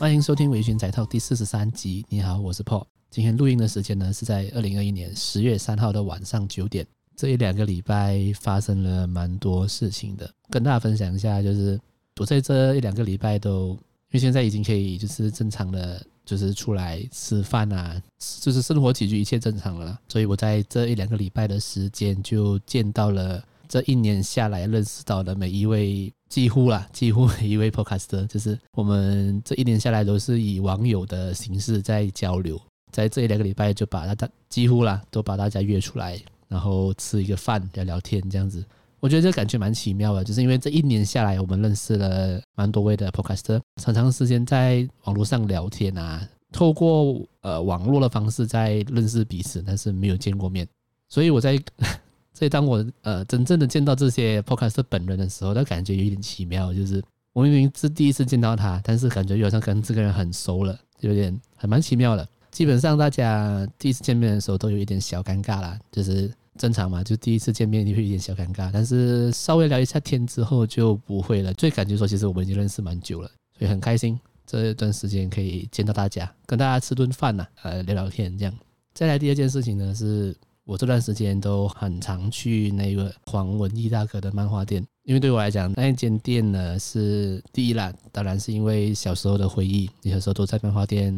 歡迎收聽《微醺宅 Talk》第四十三集。你好，我是 Paul。今天錄音的時間呢是在二零二一年十月三號的晚上九點。這一兩個禮拜發生了蠻多事情的，跟大家分享一下。就是我在這一兩個禮拜都，因為現在已經可以就是正常的，就是出來吃飯啊，就是生活起居一切正常了啦。所以我在這一兩個禮拜的時間就見到了。這一年下來，認識到的每一位，幾乎啦，幾乎每一位 podcaster，就是我們這一年下來都是以網友的形式在交流，在這一兩個禮拜就把大家幾乎啦都把大家約出來，然後吃一個飯，聊聊天，這樣子，我覺得這感覺蠻奇妙的，就是因為這一年下來，我們認識了蠻多位的 podcaster，長長時間在網絡上聊天啊，透過呃網絡的方式在認識彼此，但是沒有見過面，所以我在。所以，當我呃真正的見到這些 Podcast 的本人的時候，都感覺有一點奇妙，就是我明明是第一次見到他，但是感覺又好像跟這個人很熟了，就有點還蠻奇妙的。基本上大家第一次見面的時候都有一點小尷尬啦，就是正常嘛，就第一次見面就會有點小尷尬，但是稍微聊一下天之後就不會了。最感覺說，其實我們已經認識蠻久了，所以很開心這段時間可以見到大家，跟大家吃頓飯吶，呃，聊聊天這樣。再來第二件事情呢是，我這段時間都很常去那個黃文逸大哥的漫畫店，因為對我來講，那一間店呢是第一啦，當然是因為小時候的回憶，有時候都在漫畫店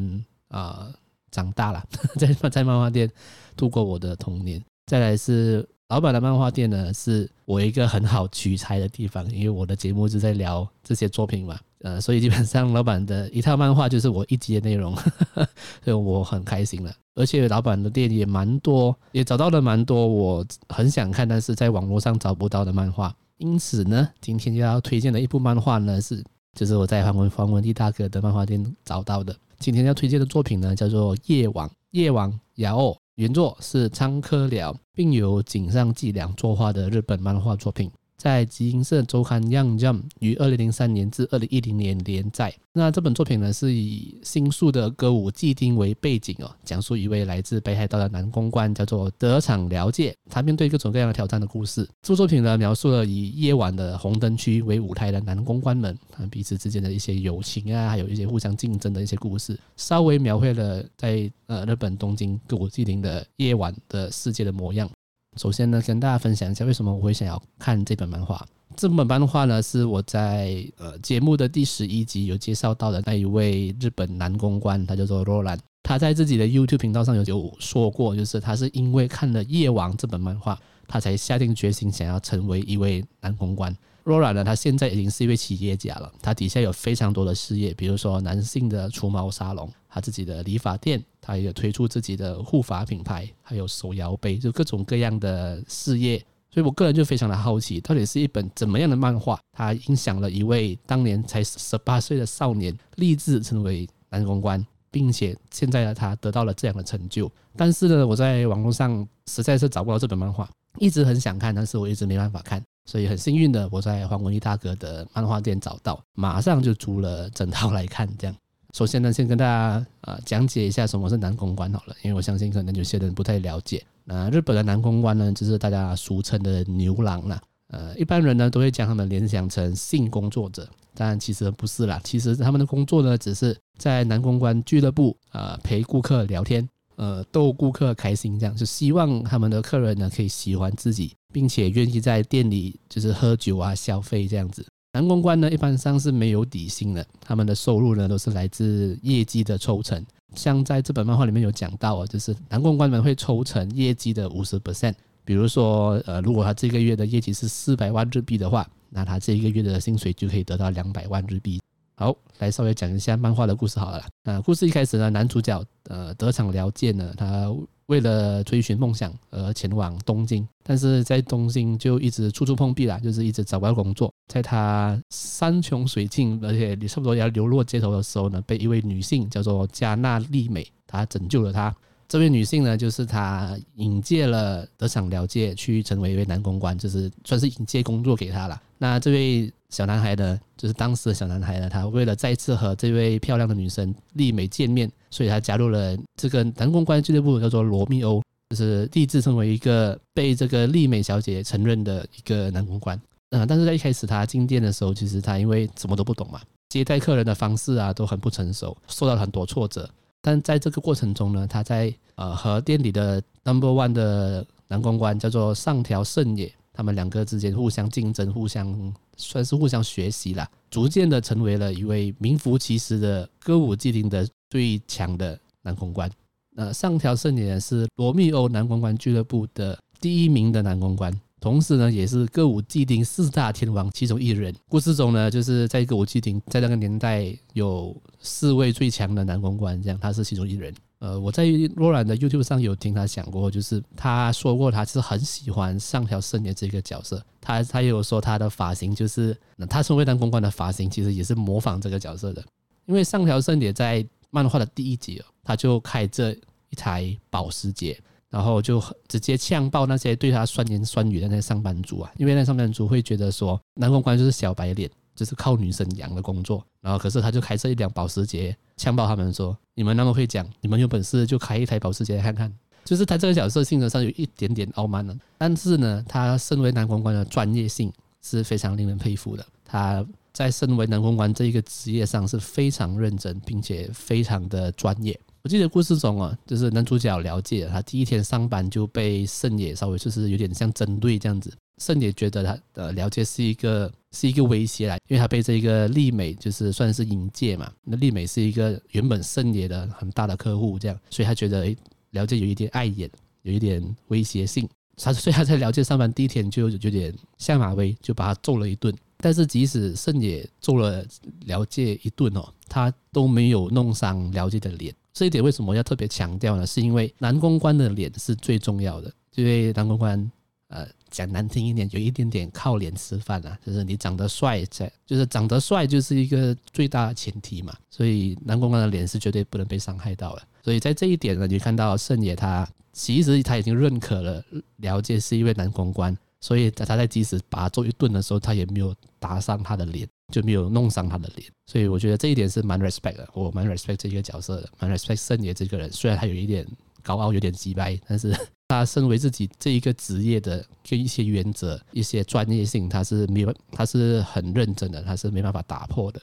啊、呃、長大了，在在漫畫店度過我的童年。再來是老闆的漫畫店呢，是我一個很好取材的地方，因為我的節目就在聊這些作品嘛，呃，所以基本上老闆的一套漫畫就是我一集的內容，呵呵，所以我很開心了。而且老闆的店也蠻多，也找到了蠻多我很想看，但是在網絡上找不到的漫畫。因此呢，今天要推薦的一部漫畫呢是，就是我在黃文黃文麗大哥的漫畫店找到的。今天要推薦的作品呢叫做《夜王夜王》雅歐，然後原作是倉科遼，並由井上紀良作畫的日本漫畫作品，在《集英社周刊》《Young Jump》於二零零三年至二零一零年連載。那這本作品呢，是以新宿的歌舞伎町為背景哦，講述一位來自北海道的男公關，叫做德場遼介，他面對各種各樣的挑戰的故事。這作品呢，描述了以夜晚的紅燈區為舞台的男公關們，彼此之間的一些友情啊，還有一些互相競爭的一些故事。稍微描繪了在呃日本東京歌舞伎町的夜晚的世界的模樣。首先呢，跟大家分享一下為什麼我會想要看這本漫畫。這本漫畫呢，是我在呃節目的第十一集有介紹到的那一位日本男公關，他叫做羅蘭。他在自己的 YouTube 頻道上有說過，就是他是因為看了《夜王》這本漫畫，他才下定決心想要成為一位男公關。羅蘭呢，他現在已經是一位企業家了，他底下有非常多的事業，比如說男性的除毛沙龍，他自己的理髮店。他也有推出自己的護髮品牌，還有手搖杯，就各種各樣的事業。所以我個人就非常的好奇，到底是一本怎麼樣的漫畫，他影響了一位當年才十八歲的少年，立志成為男公關，並且現在呢，他得到了這樣的成就。但是呢，我在網絡上實在是找不到這本漫畫，一直很想看，但是我一直沒辦法看。所以很幸運的，我在黃文藝大哥的漫畫店找到，馬上就租了整套來看，這樣。首先呢，先跟大家啊、呃、講解一下什麼是男公關好了，因為我相信可能有些人不太了解。那、呃、日本的男公關呢，就是大家俗稱的牛郎了。呃，一般人呢都會將他們聯想成性工作者，但其實不是啦。其實他們的工作呢，只是在男公關俱樂部啊、呃、陪顧客聊天，呃逗顧客開心，這樣，就希望他們的客人呢可以喜歡自己，並且願意在店裡就是喝酒啊消費這樣子。男公關呢，一般上是沒有底薪的，他們的收入呢都是來自業績的抽成。像在這本漫畫裡面有講到啊，就是男公關們會抽成業績的五十 percent。比如說，呃，如果他這個月的業績是四百萬日幣的話，那他這一個月的薪水就可以得到兩百萬日幣。好，來稍微講一下漫畫的故事好了。那故事一開始呢，男主角呃得場聊見呢，他為了追尋夢想而前往東京，但是在東京就一直處處碰壁了，就是一直找不到工作。在他山窮水盡，而且你差不多要流落街頭的時候呢，被一位女性叫做加納利美，她拯救了他。這位女性呢，就是她引薦了德場了介去成為一位男公關，就是算是引薦工作給她了。那這位小男孩呢，就是當時的小男孩呢，他為了再次和這位漂亮的女生麗美見面，所以他加入了這個男公關俱樂部，叫做羅密歐，就是立志成為一個被這個麗美小姐承認的一個男公關。嗯，但是在一開始他進店的時候，其實他因為什麼都不懂嘛，接待客人的方式啊都很不成熟，受到了很多挫折。但在這個過程中呢，他在呃和店裡的 Number One 的男公關叫做上條勝也，他們兩個之間互相競爭，互相算是互相學習啦，逐漸的成為了一位名副其實的歌舞伎町的最強的男公關。呃，上條勝也是羅密歐男公關俱樂部的第一名的男公關。同時呢，也是歌舞伎町四大天王其中一人。故事中呢，就是在歌舞伎町，在那個年代有四位最強的男公關，這樣他是其中一人。呃，我在羅蘭的 YouTube 上有聽他講過，就是他說過他是很喜歡上條聖也這個角色，他他有說他的髮型就是他身為男公關的髮型，其實也是模仿這個角色的，因為上條聖也在漫畫的第一集，哦，他就開這一台保時捷。然後就直接嗆爆那些對他酸言酸語的那些上班族啊，因為那上班族會覺得說男公關就是小白臉，就是靠女生養的工作。然後可是他就開設一輛保時捷嗆爆他們說：“你們那麼會講，你們有本事就開一台保時捷看看。”就是他這個角色性格上有一點點傲慢了，但是呢，他身為男公關的專業性是非常令人佩服的。他。在身為男公關這一個職業上是非常認真，並且非常的專業。我記得故事中啊，就是男主角遼介了，他第一天上班就被聖也稍微就是有點像針對這樣子。聖也覺得他呃，遼介是一個是一個威脅來，因為他被這個麗美就是算是引介嘛。那麗美是一個原本聖也的很大的客戶這樣，所以他覺得誒，遼介有一點礙眼，有一點威脅性。他，所以他在遼介上班第一天就有點下馬威，就把他揍了一頓。但是，即使盛野揍了遼介一頓哦，他都沒有弄傷遼介的臉。這一點為什麼要特別強調呢？是因為男公關的臉是最重要的，因為男公關呃講難聽一點，有一點點靠臉吃飯啊，就是你長得帥，在就是長得帥就是一個最大前提嘛。所以男公關的臉是絕對不能被傷害到的。所以在這一點呢，你看到盛野他其實他已經認可了遼介是一位男公關。所以他他在即使把他揍一頓的時候，他也沒有打傷他的臉，就沒有弄傷他的臉。所以我覺得這一點是蠻 respect 的，我蠻 respect 這個角色的，蠻 respect 聖也這個人。雖然他有一點高傲，有點直白，但是他身為自己這一個職業的這一些原則、一些專業性，他是沒有他是很認真的，他是沒辦法打破的。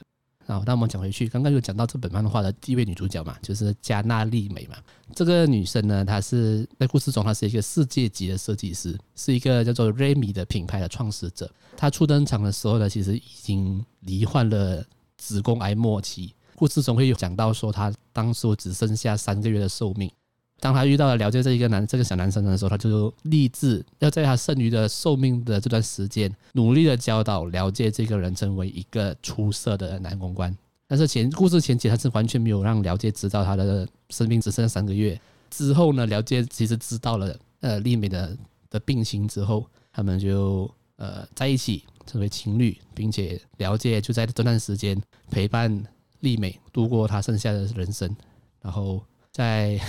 好，那我們講回去，剛剛又講到這本漫畫的第一位女主角嘛，就是加納利美嘛。這個女生呢，她是在故事中她是一個世界級的設計師，是一個叫做 Remy 的品牌的創始者。她初登場的時候呢，其實已經罹患了子宮癌末期，故事中會有講到說她當初只剩下三個月的壽命。當他遇到了了解這一個男這個小男生的時候，他就立志要在他剩餘的壽命的這段時間，努力的教導了解這個人成為一個出色的男公關。但是前故事前期他是完全沒有讓了解知道他的生命只剩下三個月。之後呢，了解其實知道了呃麗美的的病情之後，他們就呃在一起成為情侶，並且了解就在這段時間陪伴麗美度過他剩下的人生，然後在。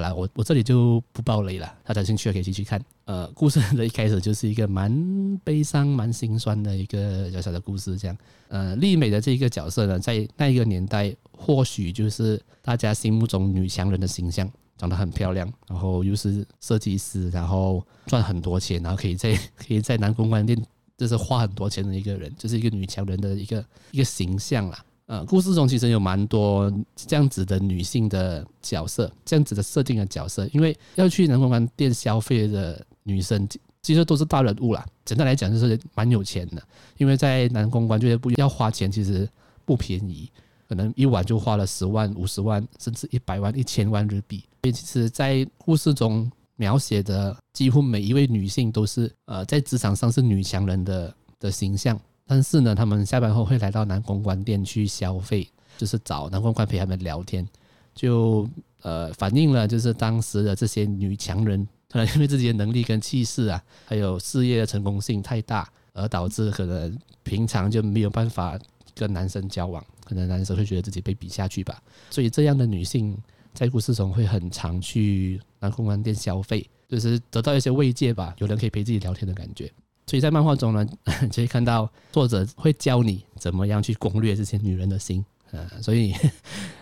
來，我我這裡就不爆雷了。大家有興趣了可以繼續看。呃，故事的一開始就是一個蠻悲傷、蠻心酸的一個小小的故事，這樣。呃，麗美的這一個角色呢，在那一個年代，或許就是大家心目中女強人的形象，長得很漂亮，然後又是設計師，然後賺很多錢，然後可以在可以在男公關店，就是花很多錢的一個人，就是一個女強人的一個一個形象啦。呃，故事中其實有蠻多這樣子的女性的角色，這樣子的設定的角色，因為要去男公關店消費的女生，其實都是大人物啦。簡單來講，就是蠻有錢的，因為在男公關就是要花錢，其實不便宜，可能一晚就花了十萬、五十萬，甚至一百萬、一千萬日幣。所以，其實，在故事中描寫的幾乎每一位女性，都是呃，在職場上是女強人的的形象。但是呢，他們下班後會來到男公關店去消費，就是找男公關陪他們聊天，就呃反映了就是當時的這些女強人，可能因為自己的能力跟氣勢啊，還有事業的成功性太大，而導致可能平常就沒有辦法跟男生交往，可能男生會覺得自己被比下去吧。所以這樣的女性在故事中會很常去男公關店消費，就是得到一些慰藉吧，有人可以陪自己聊天的感覺。所以在漫畫中呢，就會看到作者會教你怎麼樣去攻略這些女人的心。呃，所以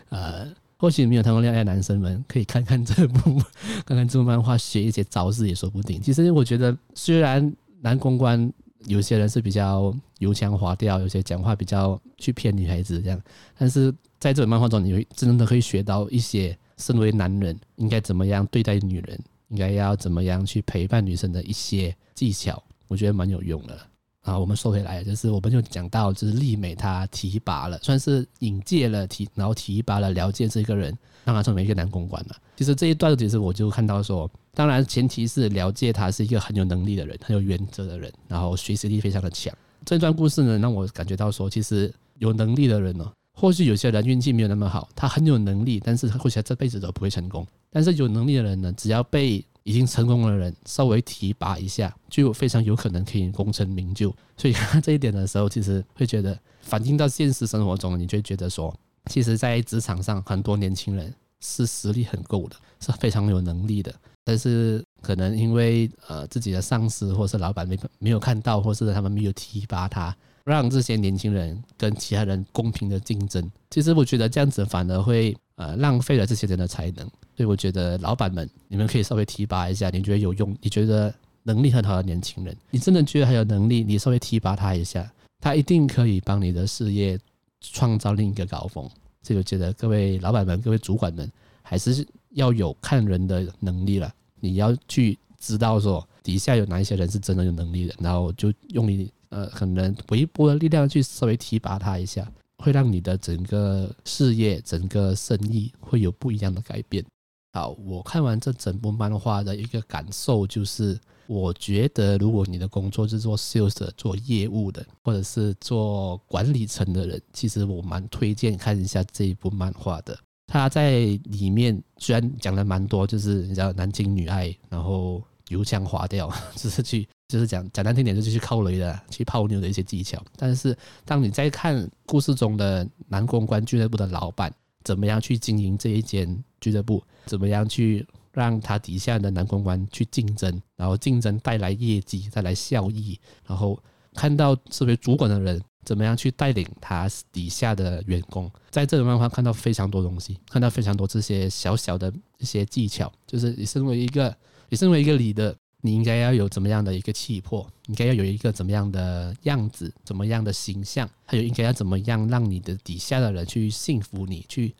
呃，或許沒有談過戀愛的男生們可以看看這部，看看這部漫畫，學一些招式也說不定。其實我覺得，雖然男公關有些人是比較油腔滑調，有些講話比較去騙女孩子這樣，但是在這種漫畫中，你真的可以學到一些身為男人應該怎麼樣對待女人，應該要怎麼樣去陪伴女生的一些技巧。我覺得蠻有用的啊！我們說回來，就是我們就講到，就是麗美她提拔了，算是引薦了提，然後提拔了遼建這個人，讓他成為一個男公關嘛。其實這一段，其實我就看到說，當然前提是遼建他是一個很有能力的人，很有原則的人，然後學習力非常的強。這段故事呢，讓我感覺到說，其實有能力的人呢、哦，或許有些人運氣沒有那麼好，他很有能力，但是他或許他這輩子都不會成功。但是有能力的人呢，只要被已經成功的人稍微提拔一下，就非常有可能可以功成名就。所以這一點的時候，其實會覺得反映到現實生活中，你就覺得說，其實在職場上，很多年輕人是實力很夠的，是非常有能力的。但是可能因為呃自己的上司或是老闆沒沒有看到，或是他們沒有提拔他，讓這些年輕人跟其他人公平的競爭。其實我覺得這樣子反而會呃浪費了這些人的才能。所以我覺得，老闆們，你們可以稍微提拔一下，你覺得有用，你覺得能力很好的年輕人，你真的覺得很有能力，你稍微提拔他一下，他一定可以幫你的事業創造另一個高峰。所以我覺得，各位老闆們，各位主管們，還是要有看人的能力了。你要去知道說，底下有哪一些人是真的有能力的，然後就用你呃，可能微薄的力量去稍微提拔他一下，會讓你的整個事業、整個生意會有不一樣的改變。好，我看完這整部漫畫的一個感受就是，我覺得如果你的工作是做 sales、做業務的，或者是做管理層的人，其實我蠻推薦看一下這一部漫畫的。他在裡面雖然講了蠻多，就是你知道男情女愛，然後油腔滑調，就是去就是講講難聽點就是去敲雷的，去泡妞的一些技巧。但是當你在看故事中的男公關俱樂部的老闆，怎麼樣去經營這一間俱樂部怎麼樣去讓他底下的男公關去競爭，然後競爭帶來業績，帶來效益，然後看到作為主管的人怎麼樣去帶領他底下的員工，在這裡面的話看到非常多東西，看到非常多這些小小的一些技巧，就是你身為一個，你身為一個 leader，你應該要有怎麼樣的一個氣魄，應該要有一個怎麼樣的樣子，怎麼樣的形象，還有應該要怎麼樣讓你的底下的人去信服你去。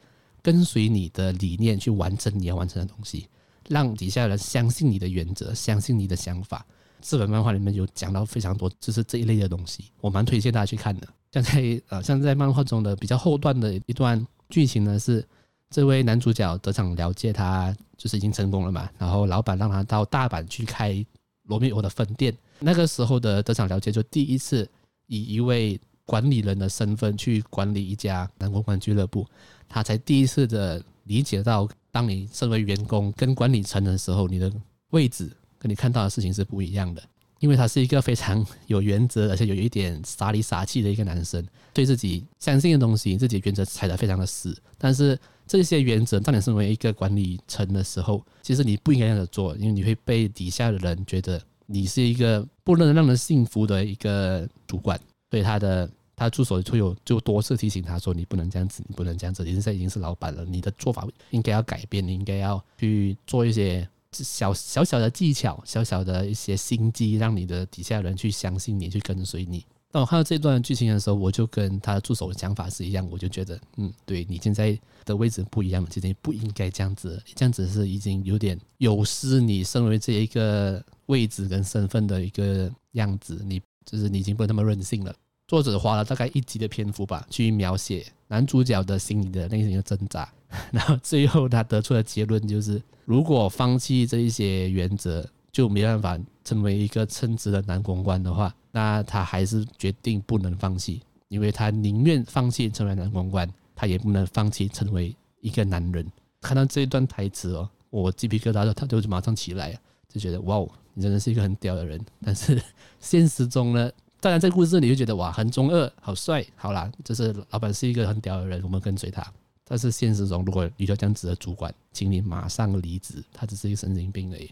跟隨你的理念去完成你要完成的東西，讓底下人相信你的原則，相信你的想法。四本漫畫裡面有講到非常多，就是這一類的東西，我蠻推薦大家去看的。像在呃，像在漫畫中的比較後段的一段劇情呢，是這位男主角德場了解，他就是已經成功了嘛。然後老闆讓他到大阪去開羅密歐的分店，那個時候的德場了解就第一次以一位。管理人的身份去管理一家男公關俱樂部，他才第一次的理解到，當你身為員工跟管理層的時候，你的位置跟你看到的事情是不一樣的。因為他是一個非常有原則，而且有一點傻裡傻氣的一個男生，對自己相信的東西，自己原則踩得非常的死。但是這些原則，當你身為一個管理層的時候，其實你不應該這樣子做，因為你會被底下的人覺得你是一個不能讓人信服的一個主管，對他的。他助手就有就多次提醒他說：“你不能這樣子，你不能這樣子。你現在已經是老闆了，你的做法應該要改變，你應該要去做一些小小小的技巧，小小的一些心機，讓你的底下人去相信你，去跟隨你。”當我看到這段劇情的時候，我就跟他助手的想法是一樣，我就覺得，嗯，對，你現在的位置不一樣了，其實你不應該這樣子，這樣子是已經有點有失你身為這一個位置跟身份的一個樣子。你就是你已經不那麼任性了。作者花了大概一集的篇幅吧，去描寫男主角的心理的那些人的掙扎，然後最後他得出的結論，就是如果放棄這一些原則，就沒辦法成為一個稱職的男公關的話，那他還是決定不能放棄，因為他寧願放棄成為男公關，他也不能放棄成為一個男人。看到這一段台詞哦，我雞皮疙瘩都他就馬上起來，就覺得哇、哦，你真的是一個很屌的人。但是現實中呢？當然，這個故事你就覺得哇，很中二，好帥，好啦，就是老闆是一個很屌的人，我們跟隨他。但是現實中，如果有這樣子的主管，請你馬上離職，他只是一個神經病而已。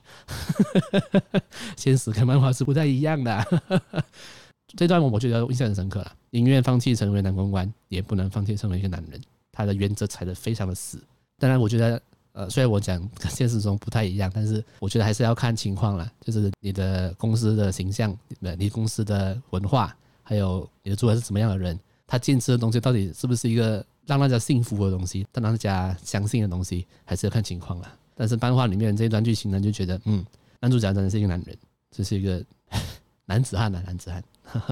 現實跟漫畫是不太一樣的。 這段我我覺得印象很深刻了，寧願放棄成為男公關，也不能放棄成為一個男人。他的原則踩得非常的死。當然，我覺得。呃，雖然我講跟現實中不太一樣，但是我覺得還是要看情況啦，就是你的公司的形象，你的、你公司的文化，還有你的主人是什麼樣的人，他堅持的東西到底是不是一個讓大家幸福的東西，讓大家相信的東西，還是要看情況啦。但是漫畫裡面這一段劇情呢，就覺得嗯，男主角真的是一個男人，這是一個男子漢吶，男子漢。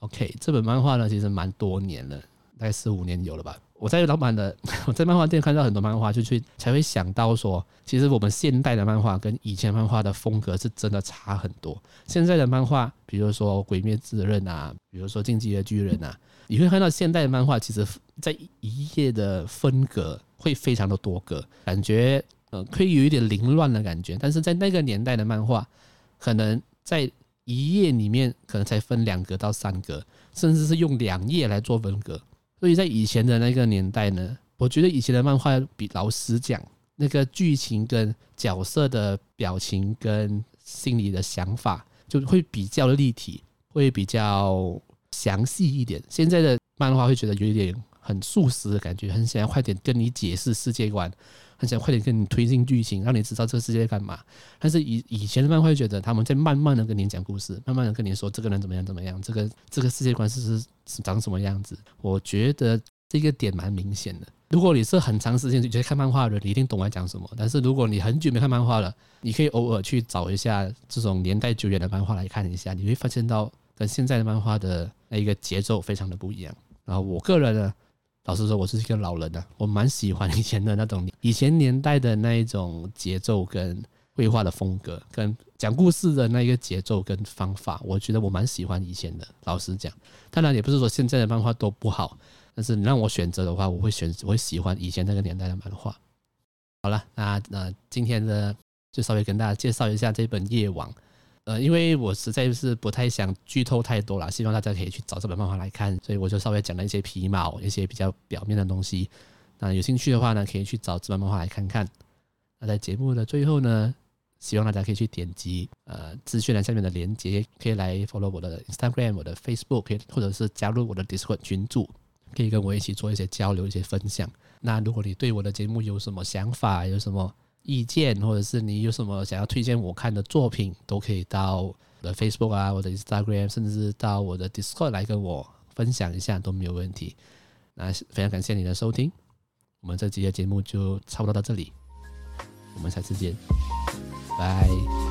OK，這本漫畫呢，其實蠻多年了，大概四五年有了吧。我在老闆的，我在漫畫店看到很多漫畫，就去才會想到說，其實我們現代的漫畫跟以前漫畫的風格是真的差很多。現在的漫畫，比如說《鬼滅之刃》啊，比如說《進擊的巨人》啊，你會看到現代的漫畫，其實在一頁的分格會非常的多格，感覺呃可以有一點凌亂的感覺。但是在那個年代的漫畫，可能在一頁裡面可能才分兩格到三格，甚至是用兩頁來做分格。所以在以前的那個年代呢，我覺得以前的漫畫比老實講那個劇情跟角色的表情跟心裡的想法，就會比較立體，會比較詳細一點。現在的漫畫會覺得有一點很速食的感覺，很想要快點跟你解釋世界觀，很想快點跟你推進劇情，讓你知道這個世界在幹嘛。但是以以前的漫畫，覺得他們在慢慢的跟你講故事，慢慢的跟你說這個人怎麼樣怎麼樣，這個這個世界觀是是長什麼樣子。我覺得這個點蠻明顯的。如果你是很長時間你覺得看漫畫的人，你一定懂我講什麼？但是如果你很久沒看漫畫了，你可以偶爾去找一下這種年代久遠的漫畫來看一下，你會發現到跟現在的漫畫的那一個節奏非常的不一樣。然後我個人呢。老實說，我是一個老人吶、啊，我蠻喜歡以前的那種，以前年代的那一種節奏跟繪畫的風格，跟講故事的那一個節奏跟方法，我覺得我蠻喜歡以前的。老實講，當然也不是說現在的漫畫都不好，但是你讓我選擇的話，我會選，我會喜歡以前那個年代的漫畫。好了，那那今天呢，就稍微跟大家介紹一下這本《夜王》。呃，因為我實在是不太想劇透太多了，希望大家可以去找這本漫畫來看，所以我就稍微講了一些皮毛，一些比較表面的東西。那有興趣的話呢，可以去找這本漫畫來看看。那在節目的最後呢，希望大家可以去點擊呃資訊欄下面的鏈接，可以來 follow 我的 Instagram、我的 Facebook，可以或者是加入我的 Discord 群組，可以跟我一起做一些交流、一些分享。那如果你對我的節目有什麼想法，有什麼意見，或者是你有什麼想要推薦我看的作品，都可以到我的 Facebook 啊，我的 Instagram，甚至到我的 Discord 來跟我分享一下都沒有問題。那非常感謝你的收聽，我們這期的節目就差不多到這裡，我們下次見，拜。